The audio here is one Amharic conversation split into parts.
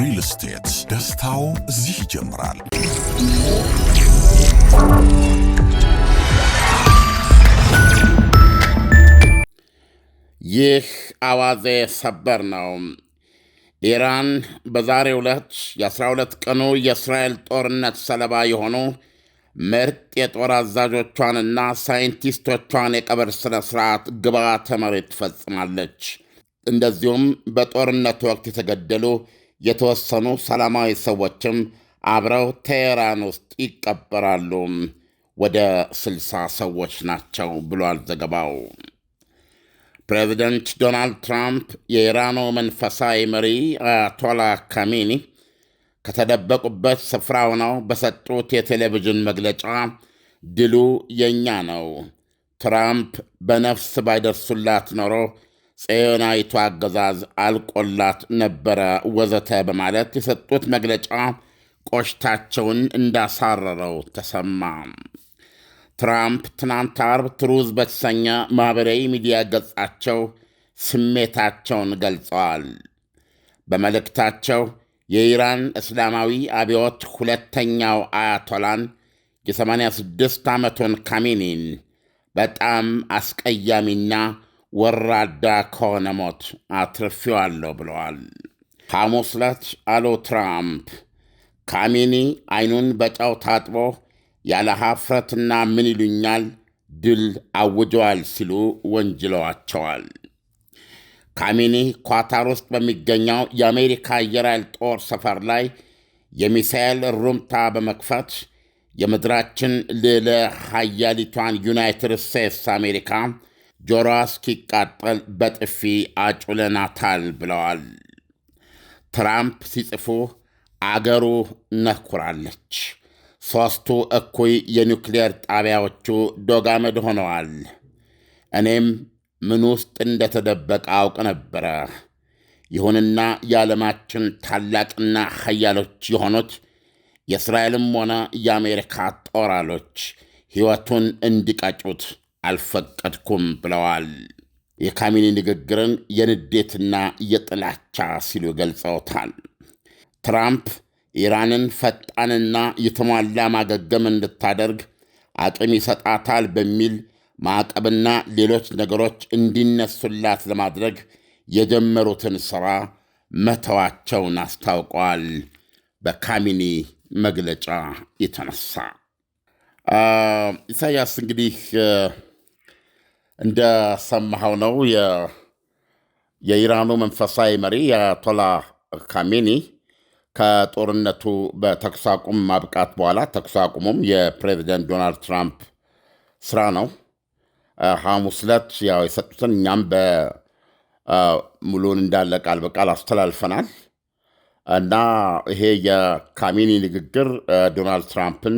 ሪል ስቴት ደስታው እዚህ ይጀምራል። ይህ አዋዜ ሰበር ነው። ኢራን በዛሬ ዕለት የ12 ቀኑ የእስራኤል ጦርነት ሰለባ የሆኑ ምርጥ የጦር አዛዦቿንና ሳይንቲስቶቿን የቀብር ሥነ ሥርዓት ግብዓተ መሬት ትፈጽማለች። እንደዚሁም በጦርነት ወቅት የተገደሉ የተወሰኑ ሰላማዊ ሰዎችም አብረው ቴሄራን ውስጥ ይቀበራሉ። ወደ ስልሳ ሰዎች ናቸው ብሏል ዘገባው። ፕሬዚደንት ዶናልድ ትራምፕ የኢራኑ መንፈሳዊ መሪ አያቶላ ካሜኒ ከተደበቁበት ስፍራ ሆነው በሰጡት የቴሌቪዥን መግለጫ ድሉ የእኛ ነው፣ ትራምፕ በነፍስ ባይደርሱላት ኖሮ ጽዮናዊቱ አገዛዝ አልቆላት ነበረ ወዘተ በማለት የሰጡት መግለጫ ቆሽታቸውን እንዳሳረረው ተሰማ። ትራምፕ ትናንት አርብ ትሩዝ በተሰኘ ማኅበራዊ ሚዲያ ገጻቸው ስሜታቸውን ገልጸዋል። በመልእክታቸው የኢራን እስላማዊ አብዮት ሁለተኛው አያቶላን የ86 ዓመቱን ካሜኒን በጣም አስቀያሚና ወራዳ ከሆነ ሞት አትርፌዋለሁ ብለዋል። ሐሙስ ዕለት አሉ ትራምፕ ካሚኒ አይኑን በጨው ታጥቦ ያለ ሐፍረትና ምን ይሉኛል ድል አውጀዋል ሲሉ ወንጅለዋቸዋል። ካሚኒ ኳታር ውስጥ በሚገኘው የአሜሪካ አየር ኃይል ጦር ሰፈር ላይ የሚሳኤል ሩምታ በመክፈት የምድራችን ልዕለ ሀያሊቷን ዩናይትድ ስቴትስ አሜሪካ ጆሮዋ እስኪቃጠል በጥፊ አጩለናታል ብለዋል። ትራምፕ ሲጽፉ አገሩ ነኩራለች። ሦስቱ እኩይ የኒውክሌር ጣቢያዎቹ ዶጋመድ ሆነዋል። እኔም ምን ውስጥ እንደተደበቀ አውቅ ነበረ። ይሁንና የዓለማችን ታላቅና ኃያሎች የሆኑት የእስራኤልም ሆነ የአሜሪካ ጦር አሎች ሕይወቱን እንዲቀጩት አልፈቀድኩም ብለዋል። የካሚኒ ንግግርን የንዴትና የጥላቻ ሲሉ ገልጸውታል። ትራምፕ ኢራንን ፈጣንና የተሟላ ማገገም እንድታደርግ አቅም ይሰጣታል በሚል ማዕቀብና ሌሎች ነገሮች እንዲነሱላት ለማድረግ የጀመሩትን ሥራ መተዋቸውን አስታውቀዋል። በካሚኒ መግለጫ የተነሳ ኢሳያስ እንግዲህ እንደሰማኸው ነው የኢራኑ መንፈሳዊ መሪ የአያቶላ ካሜኒ ከጦርነቱ በተኩስ አቁም ማብቃት በኋላ ተኩስ አቁሙም የፕሬዚደንት ዶናልድ ትራምፕ ስራ ነው። ሐሙስ ዕለት ያው የሰጡትን እኛም በሙሉን እንዳለ ቃል በቃል አስተላልፈናል እና ይሄ የካሜኒ ንግግር ዶናልድ ትራምፕን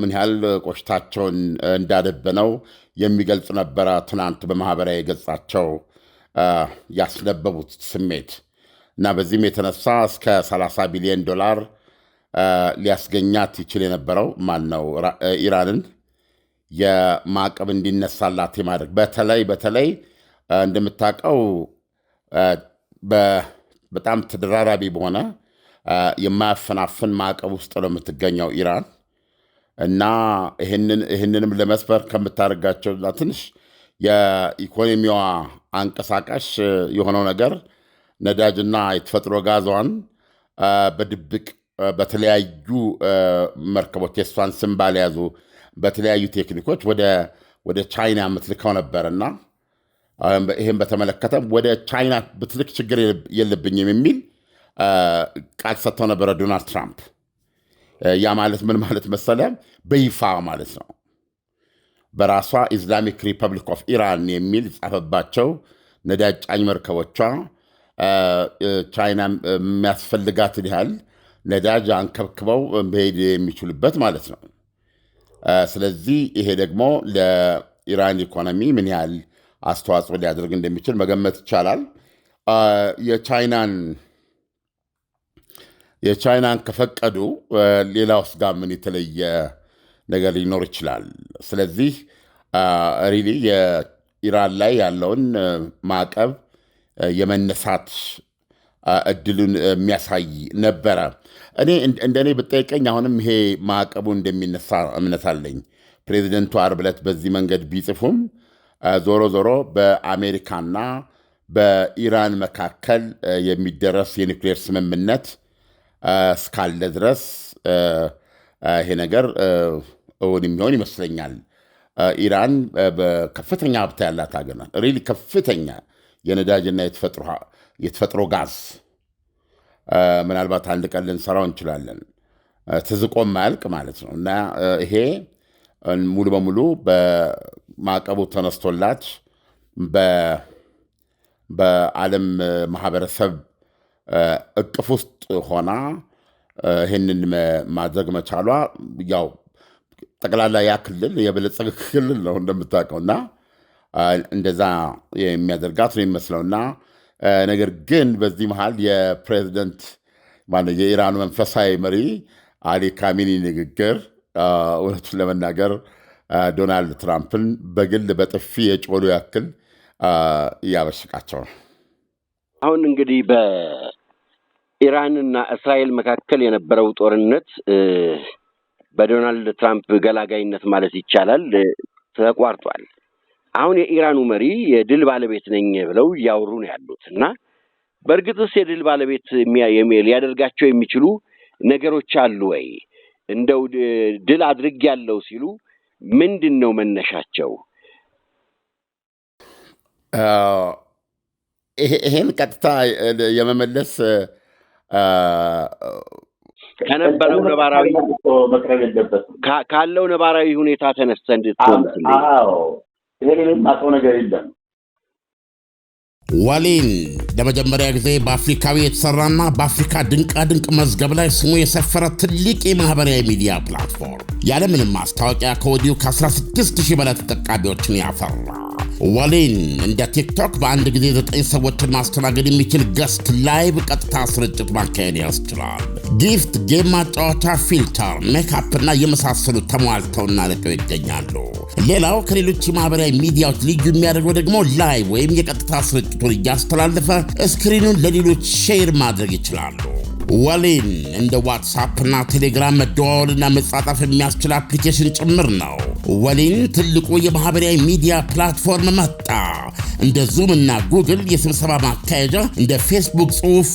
ምን ያህል ቆሽታቸውን እንዳደበነው የሚገልጽ ነበረ። ትናንት በማህበራዊ ገጻቸው ያስነበቡት ስሜት እና በዚህም የተነሳ እስከ 30 ቢሊዮን ዶላር ሊያስገኛት ይችል የነበረው ማን ነው ኢራንን የማዕቀብ እንዲነሳላት የማድረግ በተለይ በተለይ እንደምታውቀው በጣም ተደራራቢ በሆነ የማያፈናፍን ማዕቀብ ውስጥ ነው የምትገኘው ኢራን። እና ይህንንም ለመስፈር ከምታደርጋቸው ትንሽ የኢኮኖሚዋ አንቀሳቃሽ የሆነው ነገር ነዳጅና የተፈጥሮ ጋዟን በድብቅ በተለያዩ መርከቦች የእሷን ስም ባልያዙ በተለያዩ ቴክኒኮች ወደ ቻይና የምትልከው ነበር እና ይህም በተመለከተ ወደ ቻይና ብትልክ ችግር የለብኝም የሚል ቃል ሰጥተው ነበረ ዶናልድ ትራምፕ። ያ ማለት ምን ማለት መሰለ? በይፋ ማለት ነው። በራሷ ኢስላሚክ ሪፐብሊክ ኦፍ ኢራን የሚል ጻፈባቸው ነዳጅ ጫኝ መርከቦቿ ቻይና የሚያስፈልጋትን ያህል ነዳጅ አንከብክበው መሄድ የሚችሉበት ማለት ነው። ስለዚህ ይሄ ደግሞ ለኢራን ኢኮኖሚ ምን ያህል አስተዋጽኦ ሊያደርግ እንደሚችል መገመት ይቻላል። የቻይናን የቻይናን ከፈቀዱ ውስጥ ጋር ምን የተለየ ነገር ሊኖር ይችላል? ስለዚህ ሪሊ የኢራን ላይ ያለውን ማዕቀብ የመነሳት እድሉን የሚያሳይ ነበረ። እኔ እንደ እኔ ብጠይቀኝ አሁንም ይሄ ማዕቀቡ እንደሚነሳ እምነት አለኝ። ፕሬዚደንቱ ዓርብ ዕለት በዚህ መንገድ ቢጽፉም ዞሮ ዞሮ በአሜሪካና በኢራን መካከል የሚደረስ የኒውክሌር ስምምነት እስካለ ድረስ ይሄ ነገር እውን የሚሆን ይመስለኛል። ኢራን ከፍተኛ ሀብት ያላት ሀገር ናት። ሪሊ ከፍተኛ የነዳጅና የተፈጥሮ ጋዝ ምናልባት አንድ ቀን ልንሰራው እንችላለን። ትዝቆ ማያልቅ ማለት ነው እና ይሄ ሙሉ በሙሉ በማዕቀቡ ተነስቶላት በዓለም ማህበረሰብ እቅፍ ውስጥ ሆና ይህንን ማድረግ መቻሏ ያው ጠቅላላ ያ ክልል የበለጸገ ክልል ነው እንደምታውቀው እና እንደዛ የሚያደርጋት ነው የሚመስለውና እና ነገር ግን በዚህ መሀል የፕሬዚደንት የኢራኑ መንፈሳዊ መሪ አሊ ካሚኒ ንግግር እውነቱን ለመናገር ዶናልድ ትራምፕን በግል በጥፊ የጮሉ ያክል እያበሽቃቸው ነው። አሁን እንግዲህ በኢራንና እስራኤል መካከል የነበረው ጦርነት በዶናልድ ትራምፕ ገላጋይነት ማለት ይቻላል ተቋርጧል። አሁን የኢራኑ መሪ የድል ባለቤት ነኝ ብለው እያወሩ ነው ያሉት እና በእርግጥስ የድል ባለቤት ሊያደርጋቸው የሚችሉ ነገሮች አሉ ወይ? እንደው ድል ያለው ሲሉ ምንድን ነው መነሻቸው? ይሄን ቀጥታ የመመለስ ከነበረው ነባራዊ መቅረብ የለበትም። ካለው ነባራዊ ሁኔታ ተነስተን ይሄ ማቀው ነገር የለም። ዋሌን ለመጀመሪያ ጊዜ በአፍሪካዊ የተሰራና በአፍሪካ ድንቃድንቅ መዝገብ ላይ ስሙ የሰፈረ ትልቅ የማህበራዊ ሚዲያ ፕላትፎርም ያለምንም ማስታወቂያ ከወዲሁ ከ16000 በላይ ተጠቃሚዎችን ያፈራ። ዋሌን እንደ ቲክቶክ በአንድ ጊዜ ዘጠኝ ሰዎችን ማስተናገድ የሚችል ገስት ላይቭ ቀጥታ ስርጭት ማካሄድ ያስችላል። ጊፍት፣ ጌም ማጫወቻ፣ ፊልተር፣ እና የመሳሰሉ ተሟልተውና ለቀው ይገኛሉ። ሌላው ከሌሎች የማህበራዊ ሚዲያዎች ልዩ የሚያደርገው ደግሞ ላይቭ ወይም የቀጥታ ስርጭቱ መልእክቱን እያስተላለፈ ስክሪኑን ለሌሎች ሼር ማድረግ ይችላሉ። ወሊን እንደ ዋትሳፕና ቴሌግራም መደዋወልና መጻጣፍ የሚያስችል አፕሊኬሽን ጭምር ነው። ወሊን ትልቁ የማህበራዊ ሚዲያ ፕላትፎርም መጣ። እንደ ዙም እና ጉግል የስብሰባ ማካሄጃ፣ እንደ ፌስቡክ ጽሑፍ፣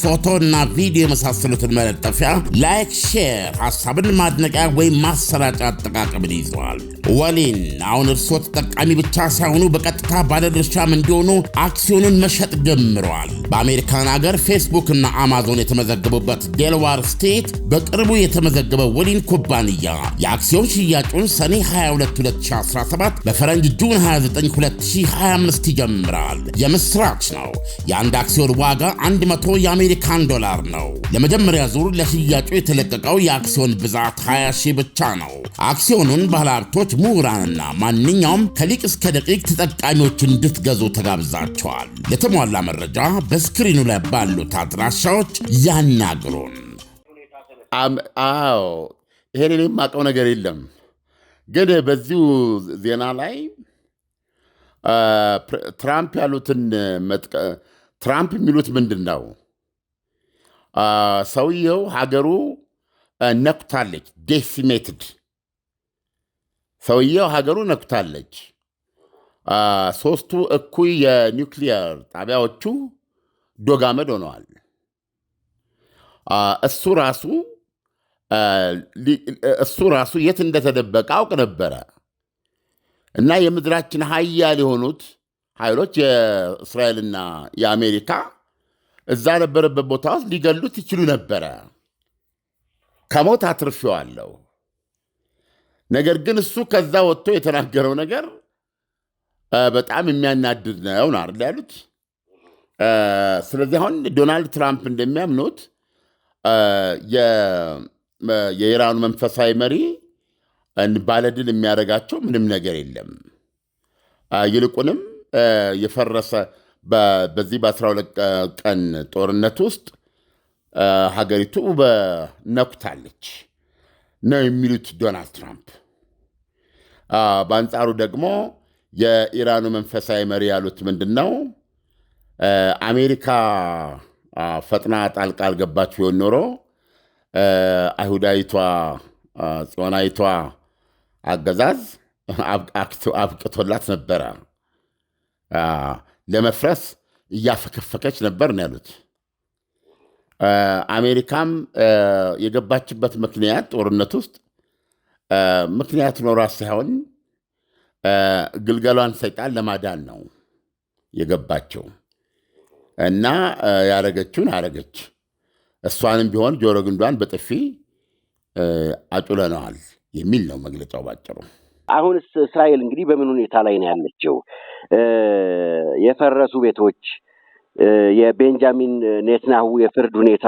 እና ቪዲዮ የመሳሰሉትን መለጠፊያ፣ ላይክ፣ ሼር፣ ሀሳብን ማድነቂያ ወይም ማሰራጫ አጠቃቀምን ይዘዋል። ወሊን አሁን እርስዎ ተጠቃሚ ብቻ ሳይሆኑ በቀጥታ ባለድርሻም እንዲሆኑ አክሲዮኑን መሸጥ ጀምረዋል። በአሜሪካን አገር ፌስቡክ እና አማዞን የተመዘገቡበት ዴልዋር ስቴት በቅርቡ የተመዘገበ ወሊን ኩባንያ የአክሲዮን ሽያጩን ሰኔ 22 2017 በፈረንጅ ጁን 29 2025 ይጀምራል። የምስራች ነው። የአንድ አክሲዮን ዋጋ 100 የአሜሪካን ዶላር ነው። ለመጀመሪያ ዙር ለሽያጩ የተለቀቀው የአክሲዮን ብዛት 20 ሺህ ብቻ ነው። አክሲዮኑን ባለሀብቶች ምሁራንና ማንኛውም ከሊቅ እስከ ደቂቅ ተጠቃሚዎች እንድትገዙ ተጋብዛቸዋል። የተሟላ መረጃ በስክሪኑ ላይ ባሉት አድራሻዎች ያናግሩን። አዎ ይሄን እኔ የማውቀው ነገር የለም፣ ግን በዚሁ ዜና ላይ ትራምፕ ያሉትን ትራምፕ የሚሉት ምንድን ነው? ሰውየው ሀገሩ ነኩታለች ዴሲሜትድ ሰውየው ሀገሩ ነኩታለች። ሶስቱ እኩይ የኒውክሊየር ጣቢያዎቹ ዶጋመድ ሆነዋል። እሱ ራሱ እሱ ራሱ የት እንደተደበቀ አውቅ ነበረ እና የምድራችን ሀያል የሆኑት ኃይሎች የእስራኤልና የአሜሪካ እዛ ነበረበት ቦታ ውስጥ ሊገሉት ይችሉ ነበረ። ከሞት አትርፌዋለሁ። ነገር ግን እሱ ከዛ ወጥቶ የተናገረው ነገር በጣም የሚያናድድ ነው አይደል ያሉት። ስለዚህ አሁን ዶናልድ ትራምፕ እንደሚያምኑት የኢራኑ መንፈሳዊ መሪ ባለድል የሚያደርጋቸው ምንም ነገር የለም። ይልቁንም የፈረሰ በዚህ በ12 ቀን ጦርነት ውስጥ ሀገሪቱ በነኩታለች። ነው የሚሉት ዶናልድ ትራምፕ። በአንጻሩ ደግሞ የኢራኑ መንፈሳዊ መሪ ያሉት ምንድን ነው? አሜሪካ ፈጥና ጣልቃ አልገባች ቢሆን ኖሮ አይሁዳዊቷ ጽዮናዊቷ አገዛዝ አብቅቶላት ነበረ፣ ለመፍረስ እያፈከፈከች ነበር ነው ያሉት። አሜሪካም የገባችበት ምክንያት ጦርነት ውስጥ ምክንያት ኖሯ ሳይሆን ግልገሏን ሰይጣን ለማዳን ነው የገባቸው እና ያረገችውን አረገች። እሷንም ቢሆን ጆሮ ግንዷን በጥፊ አጩለነዋል የሚል ነው መግለጫው ባጭሩ። አሁንስ እስራኤል እንግዲህ በምን ሁኔታ ላይ ነው ያለችው? የፈረሱ ቤቶች የቤንጃሚን ኔትናሁ የፍርድ ሁኔታ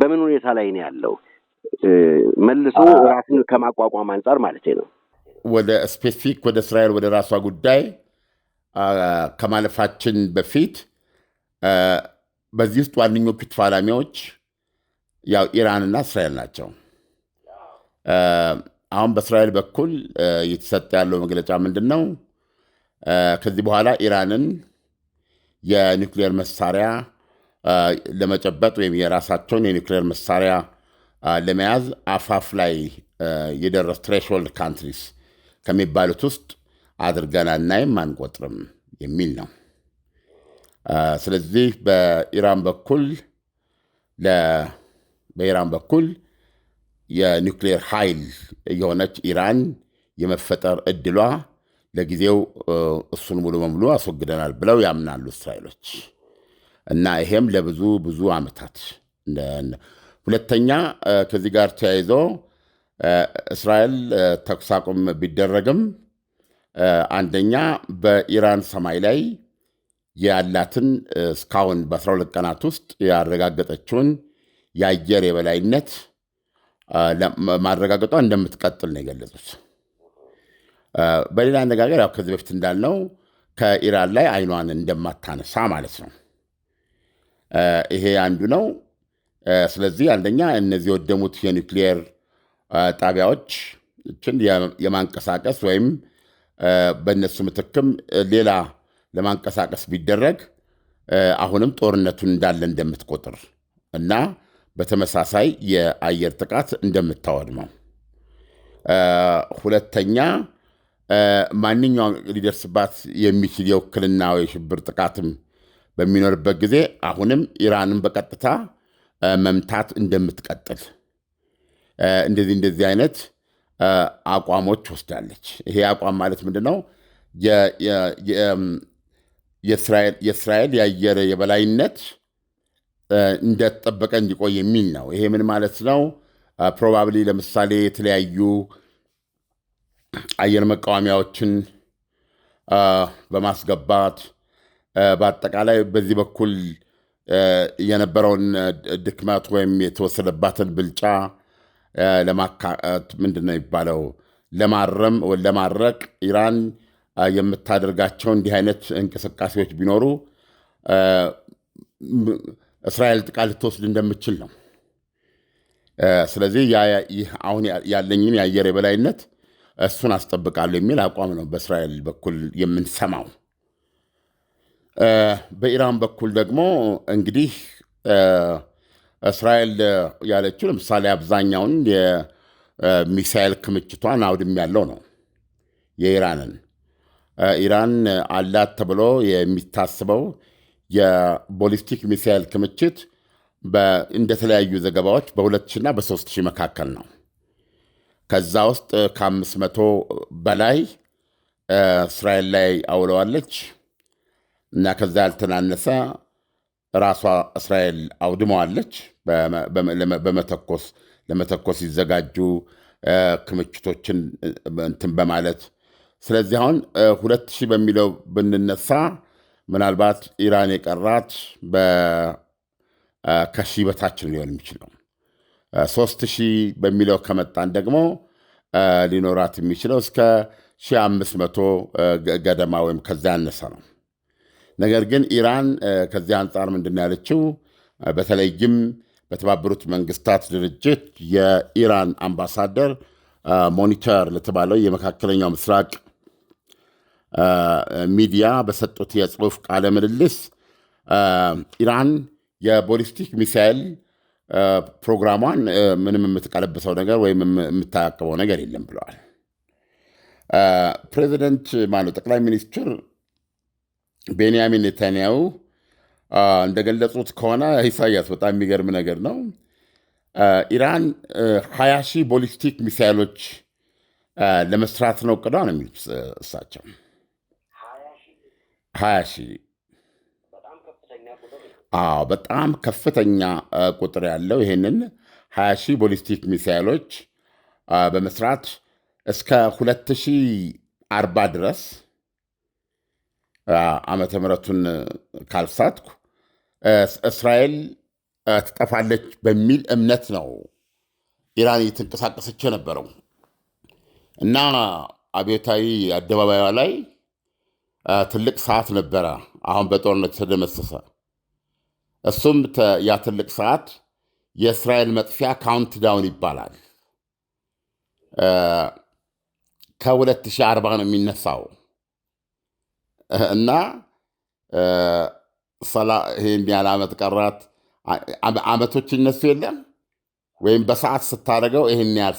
በምን ሁኔታ ላይ ነው ያለው? መልሶ ራሱን ከማቋቋም አንጻር ማለት ነው። ወደ ስፔሲፊክ ወደ እስራኤል ወደ ራሷ ጉዳይ ከማለፋችን በፊት በዚህ ውስጥ ዋነኞቹ ተፋላሚዎች ያው ኢራንና እስራኤል ናቸው። አሁን በእስራኤል በኩል እየተሰጠ ያለው መግለጫ ምንድን ነው? ከዚህ በኋላ ኢራንን የኒውክሌር መሳሪያ ለመጨበጥ ወይም የራሳቸውን የኒውክሌር መሳሪያ ለመያዝ አፋፍ ላይ የደረሱ ትሬሽሆልድ ካንትሪስ ከሚባሉት ውስጥ አድርገን አናይም፣ አንቆጥርም የሚል ነው። ስለዚህ በኢራን በኩል በኢራን በኩል የኒውክሌር ኃይል የሆነች ኢራን የመፈጠር እድሏ ለጊዜው እሱን ሙሉ በሙሉ አስወግደናል ብለው ያምናሉ እስራኤሎች እና ይሄም ለብዙ ብዙ ዓመታት ሁለተኛ ከዚህ ጋር ተያይዞ እስራኤል ተኩስ አቁም ቢደረግም አንደኛ በኢራን ሰማይ ላይ ያላትን እስካሁን በ12 ቀናት ውስጥ ያረጋገጠችውን የአየር የበላይነት ማረጋገጧ እንደምትቀጥል ነው የገለጹት። በሌላ አነጋገር ያው ከዚህ በፊት እንዳልነው ከኢራን ላይ አይኗን እንደማታነሳ ማለት ነው። ይሄ አንዱ ነው። ስለዚህ አንደኛ እነዚህ የወደሙት ጣቢያዎች ችን የማንቀሳቀስ ወይም በእነሱ ምትክም ሌላ ለማንቀሳቀስ ቢደረግ አሁንም ጦርነቱን እንዳለ እንደምትቆጥር እና በተመሳሳይ የአየር ጥቃት እንደምታወድመው ሁለተኛ ማንኛውም ሊደርስባት የሚችል የውክልና የሽብር ጥቃትም በሚኖርበት ጊዜ አሁንም ኢራንን በቀጥታ መምታት እንደምትቀጥል እንደዚህ እንደዚህ አይነት አቋሞች ወስዳለች። ይሄ አቋም ማለት ምንድን ነው? የእስራኤል የአየር የበላይነት እንደተጠበቀ እንዲቆይ የሚል ነው። ይሄ ምን ማለት ነው? ፕሮባብሊ ለምሳሌ የተለያዩ አየር መቃወሚያዎችን በማስገባት በአጠቃላይ በዚህ በኩል የነበረውን ድክመት ወይም የተወሰደባትን ብልጫ ምንድን ነው የሚባለው ለማረም ለማድረቅ ኢራን የምታደርጋቸው እንዲህ አይነት እንቅስቃሴዎች ቢኖሩ እስራኤል ጥቃት ልትወስድ እንደምችል ነው። ስለዚህ አሁን ያለኝን የአየር የበላይነት እሱን አስጠብቃለሁ የሚል አቋም ነው በእስራኤል በኩል የምንሰማው። በኢራን በኩል ደግሞ እንግዲህ እስራኤል ያለችው ለምሳሌ አብዛኛውን የሚሳኤል ክምችቷን አውድም ያለው ነው የኢራንን ኢራን አላት ተብሎ የሚታስበው የቦሊስቲክ ሚሳኤል ክምችት እንደተለያዩ ዘገባዎች በ2000 እና በ3000 መካከል ነው። ከዛ ውስጥ ከአምስት መቶ በላይ እስራኤል ላይ አውለዋለች እና ከዛ ያልተናነሰ ራሷ እስራኤል አውድመዋለች። በመተኮስ ለመተኮስ ሲዘጋጁ ክምችቶችን እንትን በማለት ስለዚህ አሁን ሁለት ሺህ በሚለው ብንነሳ ምናልባት ኢራን የቀራት ከሺህ በታችን ሊሆን የሚችለው ሶስት ሺህ በሚለው ከመጣን ደግሞ ሊኖራት የሚችለው እስከ መቶ ገደማ ወይም ከዚያ ያነሰ ነው። ነገር ግን ኢራን ከዚህ አንጻር ምንድን ያለችው በተለይም በተባበሩት መንግስታት ድርጅት የኢራን አምባሳደር ሞኒተር ለተባለው የመካከለኛው ምስራቅ ሚዲያ በሰጡት የጽሁፍ ቃለ ምልልስ ኢራን የቦሊስቲክ ሚሳይል ፕሮግራሟን ምንም የምትቀለብሰው ነገር ወይም የምታያቅበው ነገር የለም ብለዋል። ፕሬዚደንት ማለት ጠቅላይ ሚኒስትር ቤንያሚን ኔታንያሁ እንደገለጹት ከሆነ ኢሳያስ፣ በጣም የሚገርም ነገር ነው። ኢራን ሀያ ሺህ ቦሊስቲክ ሚሳይሎች ለመስራት ነው ቅዷ ነው የሚሉት እሳቸው ሀያ ሺህ አዎ በጣም ከፍተኛ ቁጥር ያለው ይህንን 20 ሺህ ቦሊስቲክ ሚሳይሎች በመስራት እስከ 2040 ድረስ ዓመተ ምሕረቱን ካልሳትኩ እስራኤል ትጠፋለች በሚል እምነት ነው ኢራን እየተንቀሳቀሰች የነበረው እና አብዮታዊ አደባባዩ ላይ ትልቅ ሰዓት ነበረ። አሁን በጦርነት ተደመሰሰ። እሱም ያ ትልቅ ሰዓት የእስራኤል መጥፊያ ካውንት ዳውን ይባላል። ከ2040 ነው የሚነሳው እና ይህን ያህል ዓመት ቀራት ዓመቶች ይነሱ የለም ወይም በሰዓት ስታደርገው ይህን ያህል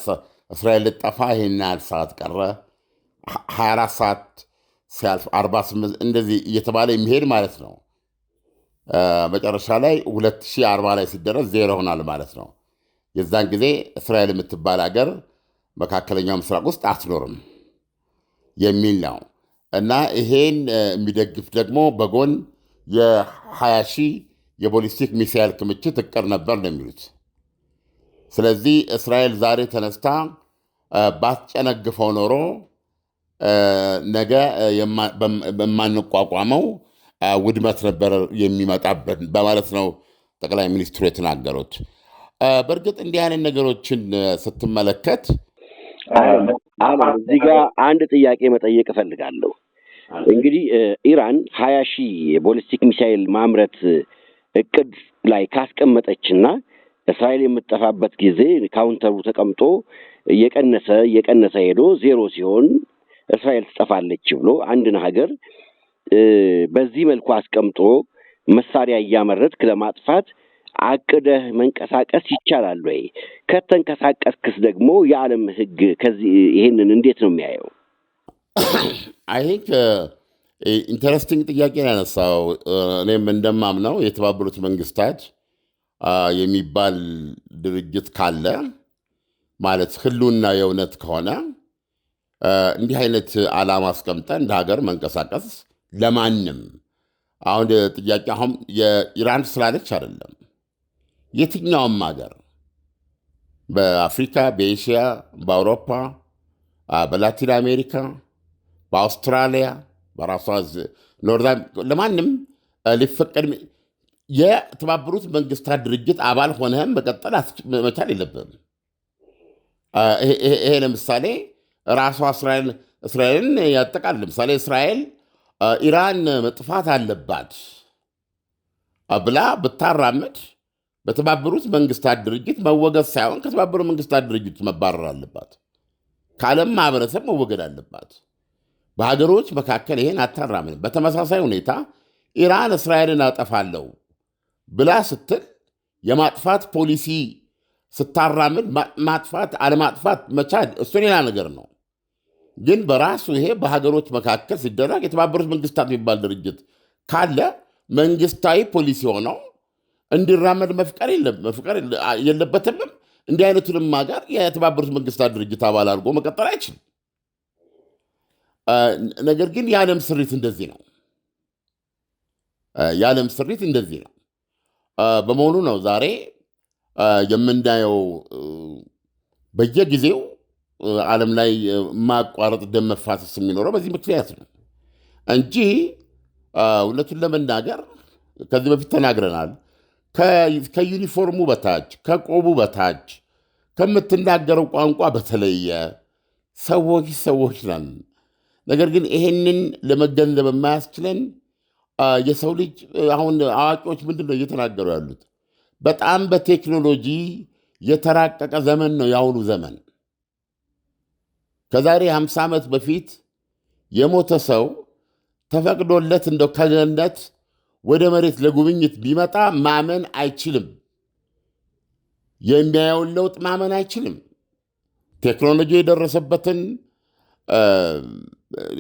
እስራኤል ልጠፋ ይህን ያህል ሰዓት ቀረ 24 ሰዓት ሲያልፍ 48 እንደዚህ እየተባለ የሚሄድ ማለት ነው። መጨረሻ ላይ 2040 ላይ ሲደረስ ዜሮ ይሆናል ማለት ነው። የዛን ጊዜ እስራኤል የምትባል ሀገር መካከለኛው ምስራቅ ውስጥ አትኖርም የሚል ነው እና ይሄን የሚደግፍ ደግሞ በጎን የ20 ሺህ የቦሊስቲክ ሚሳይል ክምችት እቅድ ነበር ነው የሚሉት። ስለዚህ እስራኤል ዛሬ ተነስታ ባትጨነግፈው ኖሮ ነገ በማንቋቋመው ውድመት ነበር የሚመጣበት በማለት ነው ጠቅላይ ሚኒስትሩ የተናገሩት። በእርግጥ እንዲህ አይነት ነገሮችን ስትመለከት እዚህ ጋር አንድ ጥያቄ መጠየቅ እፈልጋለሁ። እንግዲህ ኢራን ሀያ ሺህ የቦሊስቲክ ሚሳይል ማምረት እቅድ ላይ ካስቀመጠችና እስራኤል የምትጠፋበት ጊዜ ካውንተሩ ተቀምጦ እየቀነሰ እየቀነሰ ሄዶ ዜሮ ሲሆን እስራኤል ትጠፋለች ብሎ አንድን ሀገር በዚህ መልኩ አስቀምጦ መሳሪያ እያመረትክ ለማጥፋት አቅደህ መንቀሳቀስ ይቻላል ወይ? ከተንቀሳቀስክስ ደግሞ የዓለም ሕግ ከዚህ ይሄንን እንዴት ነው የሚያየው? አይ ቲንክ ኢንተረስቲንግ ጥያቄ ነው ያነሳው። እኔም እንደማምነው የተባበሩት መንግስታት የሚባል ድርጅት ካለ ማለት ህሉና የእውነት ከሆነ እንዲህ አይነት ዓላማ አስቀምጠ እንደ ሀገር መንቀሳቀስ ለማንም አሁን ጥያቄ አሁን የኢራን ስላለች አይደለም። የትኛውም ሀገር በአፍሪካ፣ በኤሽያ፣ በአውሮፓ፣ በላቲን አሜሪካ፣ በአውስትራሊያ በራሷ ኖርዛ ለማንም ሊፈቀድ የተባበሩት መንግስታት ድርጅት አባል ሆነህም መቀጠል መቻል የለብም ይሄ ለምሳሌ ራሷ እስራኤልን ያጠቃል። ለምሳሌ እስራኤል ኢራን መጥፋት አለባት ብላ ብታራምድ በተባበሩት መንግስታት ድርጅት መወገድ ሳይሆን ከተባበሩ መንግስታት ድርጅት መባረር አለባት። ከዓለም ማህበረሰብ መወገድ አለባት። በሀገሮች መካከል ይሄን አታራምንም። በተመሳሳይ ሁኔታ ኢራን እስራኤልን አጠፋለሁ ብላ ስትል የማጥፋት ፖሊሲ ስታራምድ ማጥፋት አለማጥፋት መቻል እሱ ሌላ ነገር ነው። ግን በራሱ ይሄ በሀገሮች መካከል ሲደረግ የተባበሩት መንግስታት የሚባል ድርጅት ካለ መንግስታዊ ፖሊሲ ሆነው እንዲራመድ መፍቀር የለበትም። እንዲህ አይነቱንም ሀገር የተባበሩት መንግስታት ድርጅት አባል አድርጎ መቀጠል አይችልም። ነገር ግን የዓለም ስሪት እንደዚህ ነው። የዓለም ስሪት እንደዚህ ነው። በመሆኑ ነው ዛሬ የምናየው በየጊዜው ዓለም ላይ ማቋረጥ ደም መፋሰስ የሚኖረው በዚህ ምክንያት ነው እንጂ እውነቱን ለመናገር ከዚህ በፊት ተናግረናል። ከዩኒፎርሙ በታች ከቆቡ በታች ከምትናገረው ቋንቋ በተለየ ሰዎች ሰዎች ነን። ነገር ግን ይሄንን ለመገንዘብ የማያስችለን የሰው ልጅ አሁን አዋቂዎች ምንድን ነው እየተናገሩ ያሉት? በጣም በቴክኖሎጂ የተራቀቀ ዘመን ነው የአሁኑ ዘመን። ከዛሬ 50 ዓመት በፊት የሞተ ሰው ተፈቅዶለት እንደው ከገነት ወደ መሬት ለጉብኝት ቢመጣ ማመን አይችልም። የሚያየውን ለውጥ ማመን አይችልም። ቴክኖሎጂ የደረሰበትን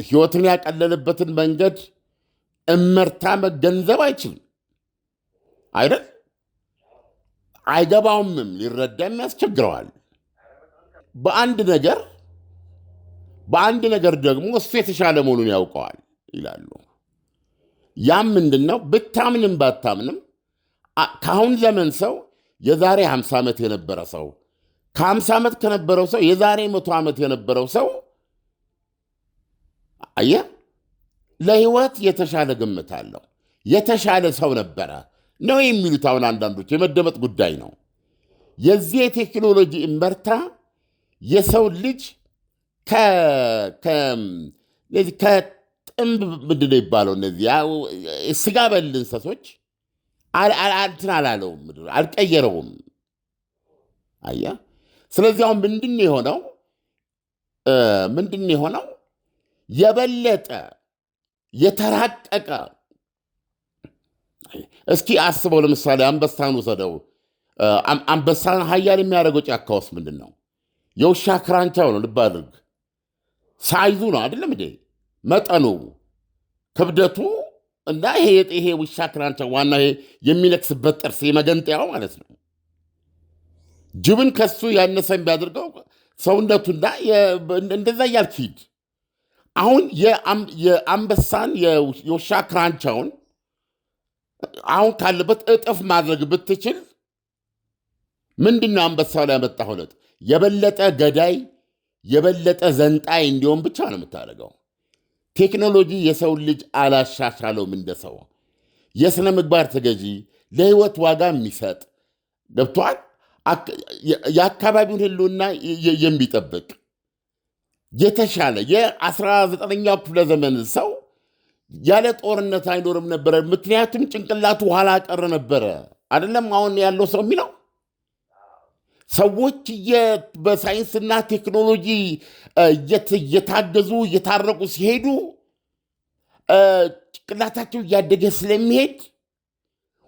ሕይወትን ያቀለለበትን መንገድ እመርታ መገንዘብ አይችልም አይደል? አይገባውምም፣ ሊረዳም ያስቸግረዋል በአንድ ነገር በአንድ ነገር ደግሞ እሱ የተሻለ መሆኑን ያውቀዋል ይላሉ። ያም ምንድን ነው? ብታምንም ባታምንም ከአሁን ዘመን ሰው የዛሬ 50 ዓመት የነበረ ሰው ከ50 ዓመት ከነበረው ሰው የዛሬ መቶ ዓመት የነበረው ሰው አየ ለህይወት የተሻለ ግምት አለው። የተሻለ ሰው ነበረ ነው የሚሉት። አሁን አንዳንዶች የመደመጥ ጉዳይ ነው። የዚህ የቴክኖሎጂ እመርታ የሰው ልጅ ከጥንብ ምንድን ነው ይባለው? እነዚህ ስጋ በል እንስሶች እንትን አላለውም፣ አልቀየረውም። አያ ስለዚህ አሁን ምንድን የሆነው ምንድን የሆነው የበለጠ የተራቀቀ እስኪ አስበው። ለምሳሌ አንበሳን ውሰደው። አንበሳን ሀያል የሚያደርገው ጫካ ውስጥ ምንድን ነው? የውሻ ክራንቻው ነው። ልብ አድርግ። ሳይዙ ነው አይደለም እንዴ? መጠኑ ክብደቱ እና ይሄ የጤሄ ውሻ ክራንቻ ዋና የሚለክስበት ጥርስ መገንጠያው ማለት ነው። ጅብን ከሱ ያነሰ የሚያደርገው ሰውነቱና እንደዛ እያልክ ሂድ። አሁን የአንበሳን የውሻ ክራንቻውን አሁን ካለበት እጥፍ ማድረግ ብትችል ምንድን ነው አንበሳው ላይ ያመጣ ሁለት የበለጠ ገዳይ የበለጠ ዘንጣይ እንዲሆን ብቻ ነው የምታደርገው። ቴክኖሎጂ የሰውን ልጅ አላሻሻለውም። እንደ ሰው የሥነ ምግባር ተገዢ፣ ለህይወት ዋጋ የሚሰጥ ገብቷል። የአካባቢውን ሕልውና የሚጠብቅ የተሻለ የ19ኛው ክፍለ ዘመን ሰው ያለ ጦርነት አይኖርም ነበረ። ምክንያቱም ጭንቅላቱ ኋላ ቀር ነበረ። አይደለም አሁን ያለው ሰው የሚለው ሰዎች በሳይንስና ቴክኖሎጂ እየታገዙ እየታረቁ ሲሄዱ ጭንቅላታቸው እያደገ ስለሚሄድ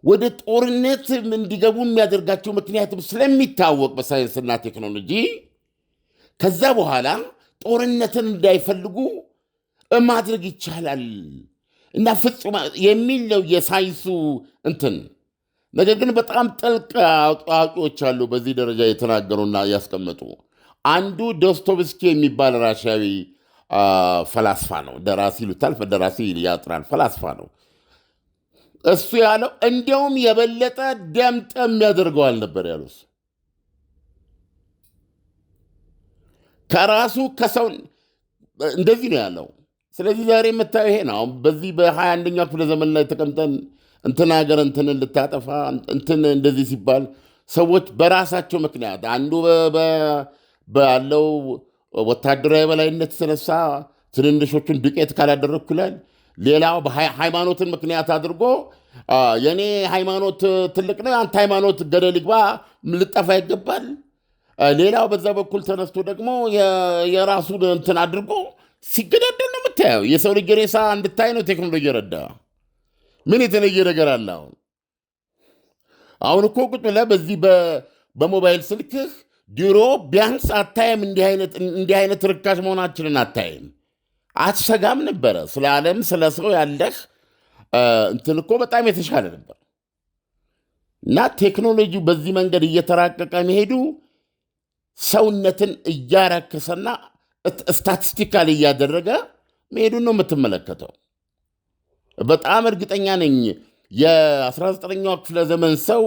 ወደ ጦርነት እንዲገቡ የሚያደርጋቸው ምክንያትም ስለሚታወቅ በሳይንስና ቴክኖሎጂ ከዛ በኋላ ጦርነትን እንዳይፈልጉ ማድረግ ይቻላል እና ፍጹም የሚል ነው የሳይንሱ እንትን ነገር ግን በጣም ጠልቅ አዋቂዎች አሉ በዚህ ደረጃ የተናገሩና ያስቀመጡ። አንዱ ዶስቶቭስኪ የሚባል ራሽያዊ ፈላስፋ ነው፣ ደራሲ ይሉታል፣ ደራሲ ያጥናል፣ ፈላስፋ ነው። እሱ ያለው እንዲያውም የበለጠ ደምጠም ያደርገዋል ነበር ያሉት ከራሱ ከሰው እንደዚህ ነው ያለው። ስለዚህ ዛሬ የምታየው ይሄ ነው። በዚህ በሀያ አንደኛው ክፍለ ዘመን ላይ ተቀምጠን እንትን ሀገር እንትንን ልታጠፋ እንትን እንደዚህ ሲባል ሰዎች በራሳቸው ምክንያት አንዱ ባለው ወታደራዊ በላይነት የተነሳ ትንንሾቹን ዱቄት ካላደረግኩ ይላል። ሌላው ሃይማኖትን ምክንያት አድርጎ የኔ ሃይማኖት ትልቅ ነው፣ አንተ ሃይማኖት ገደል ይግባ፣ ልጠፋ ይገባል። ሌላው በዛ በኩል ተነስቶ ደግሞ የራሱን እንትን አድርጎ ሲገዳደል ነው የምታየው። የሰው ልጅ ሬሳ እንድታይ ነው ቴክኖሎጂ ረዳ ምን የተለየ ነገር አለ? አሁን አሁን እኮ ቁጭ ብለህ በዚህ በሞባይል ስልክህ ድሮ ቢያንስ አታይም፣ እንዲህ አይነት ርካሽ መሆናችንን አታይም። አትሰጋም ነበረ። ስለ ዓለም ስለ ሰው ያለህ እንትን እኮ በጣም የተሻለ ነበር። እና ቴክኖሎጂ በዚህ መንገድ እየተራቀቀ መሄዱ ሰውነትን እያረከሰና ስታቲስቲካል እያደረገ መሄዱን ነው የምትመለከተው። በጣም እርግጠኛ ነኝ የ19ኛው ክፍለ ዘመን ሰው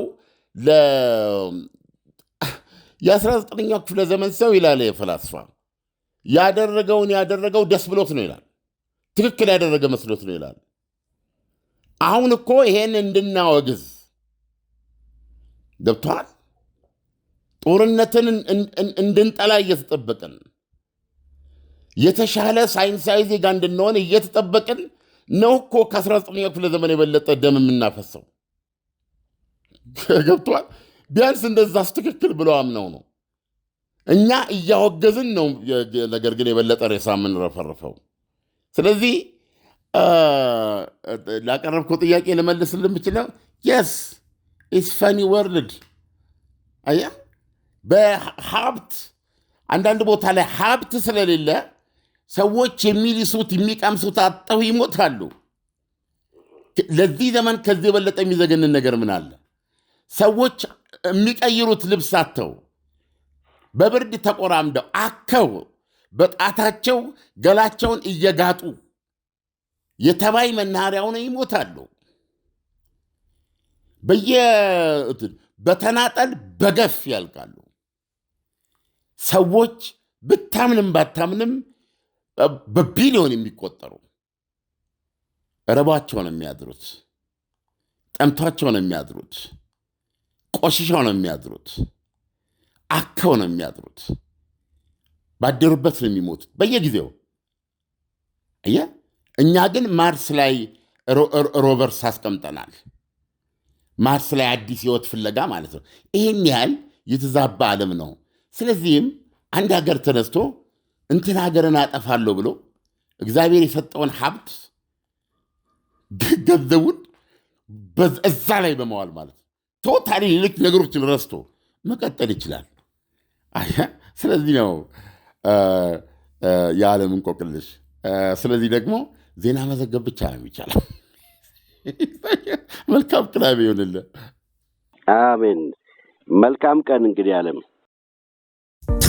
የ19ኛው ክፍለ ዘመን ሰው ይላል የፈላስፋ ያደረገውን ያደረገው ደስ ብሎት ነው ይላል። ትክክል ያደረገ መስሎት ነው ይላል። አሁን እኮ ይሄን እንድናወግዝ ገብቷል። ጦርነትን እንድንጠላ እየተጠበቅን የተሻለ ሳይንሳዊ ዜጋ እንድንሆን እየተጠበቅን ነው እኮ ከ 19 ክፍለ ዘመን የበለጠ ደም የምናፈሰው ገብቷል። ቢያንስ እንደዛስ ትክክል ብለው አምነው ነው። እኛ እያወገዝን ነው፣ ነገር ግን የበለጠ ሬሳ የምንረፈርፈው። ስለዚህ ላቀረብከው ጥያቄ ልመልስልህ የምችለው የስ ኢስ ፈኒ ወርልድ። አያ በሀብት አንዳንድ ቦታ ላይ ሀብት ስለሌለ ሰዎች የሚልሱት የሚቀምሱት አጠው ይሞታሉ። ለዚህ ዘመን ከዚህ የበለጠ የሚዘገንን ነገር ምን አለ? ሰዎች የሚቀይሩት ልብስ አተው በብርድ ተቆራምደው አከው በጣታቸው ገላቸውን እየጋጡ የተባይ መናኸሪያ ሆነው ይሞታሉ። በተናጠል በገፍ ያልቃሉ። ሰዎች ብታምንም ባታምንም በቢሊዮን የሚቆጠሩ ረባቸው ነው የሚያድሩት። ጠምቷቸው ነው የሚያድሩት። ቆሽሻው ነው የሚያድሩት። አከው ነው የሚያድሩት። ባደሩበት ነው የሚሞቱት በየጊዜው እየ እኛ ግን ማርስ ላይ ሮቨርስ አስቀምጠናል። ማርስ ላይ አዲስ ህይወት ፍለጋ ማለት ነው። ይህን ያህል የተዛባ ዓለም ነው። ስለዚህም አንድ ሀገር ተነስቶ እንትን ሀገርን አጠፋለሁ ብሎ እግዚአብሔር የሰጠውን ሀብት ገንዘቡን እዛ ላይ በመዋል ማለት ቶታሊ ሌሎች ነገሮችን ረስቶ መቀጠል ይችላል። ስለዚህ ነው የዓለም እንቆቅልሽ። ስለዚህ ደግሞ ዜና መዘገብ ብቻ ነው የሚቻለው። መልካም ቅዳሜ ይሆንልን። አሜን። መልካም ቀን እንግዲህ ዓለም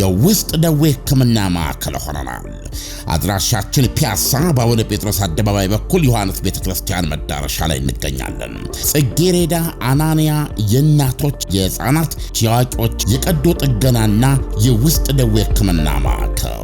የውስጥ ደዌ ሕክምና ማዕከል ሆነናል። አድራሻችን ፒያሳ በአቡነ ጴጥሮስ አደባባይ በኩል ዮሐንስ ቤተ ክርስቲያን መዳረሻ ላይ እንገኛለን። ጽጌሬዳ፣ አናንያ፣ የእናቶች የህፃናት፣ የአዋቂዎች የቀዶ ጥገናና የውስጥ ደዌ ሕክምና ማዕከል